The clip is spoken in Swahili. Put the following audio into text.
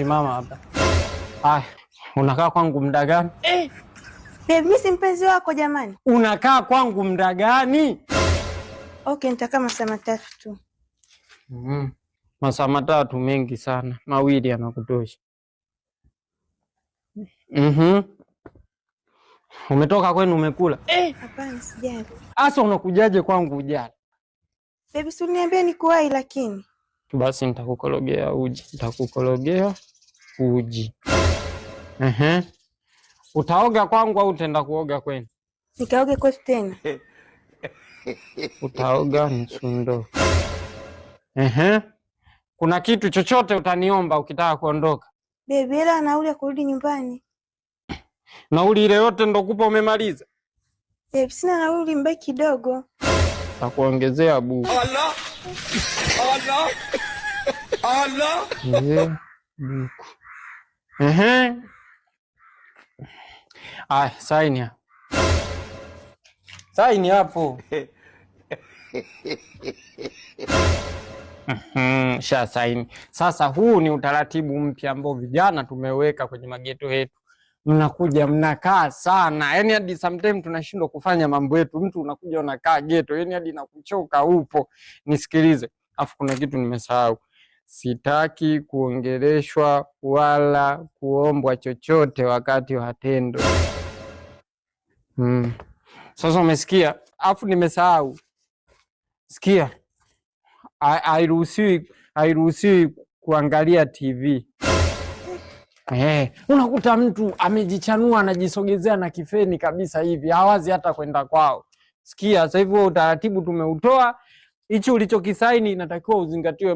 Simama hapa. Ah, unakaa kwangu muda gani? Eh, eh. Mimi si mpenzi wako jamani. Unakaa kwangu muda gani? Okay, nitakaa masaa matatu tu. Mm. -hmm. Masaa matatu mengi sana, mawili yanakutosha. Mhm. Umetoka kwenu umekula? Eh, hapana sijali. Asa unakujaje kwangu ujali? Baby, si uniambie nikuwahi lakini. Basi nitakukologea uji, nitakukologea uji. Ehe. Mhm. Utaoga kwangu au utaenda kuoga kwenu? Nikaoge kwetu tena. Utaoga msundo. Ehe. Mhm. Kuna kitu chochote utaniomba ukitaka kuondoka? Bebi, hela nauli ya kurudi nyumbani. Nauli ile yote ndo kupa umemaliza? Bebi, sina nauli, mbaki kidogo. Takuongezea bu. Allah. Allah. Allah. Ehe. Ah, saini. Saini hapo. sha saini. Sasa huu ni utaratibu mpya ambao vijana tumeweka kwenye mageto yetu. Mnakuja mnakaa sana, yani hadi sometime tunashindwa kufanya mambo yetu. Mtu unakuja unakaa geto, yani hadi nakuchoka. Upo nisikilize, afu kuna kitu nimesahau. Sitaki kuongeleshwa wala kuombwa chochote wakati wa tendo. Hmm. Sasa umesikia? Afu nimesahau. Sikia, hairuhusiwi hairuhusiwi kuangalia TV. Hey, eh, unakuta mtu amejichanua anajisogezea na kifeni kabisa hivi, hawazi hata kwenda kwao. Sikia, sasa hivi utaratibu tumeutoa, hichi ulichokisaini inatakiwa uzingatiwe.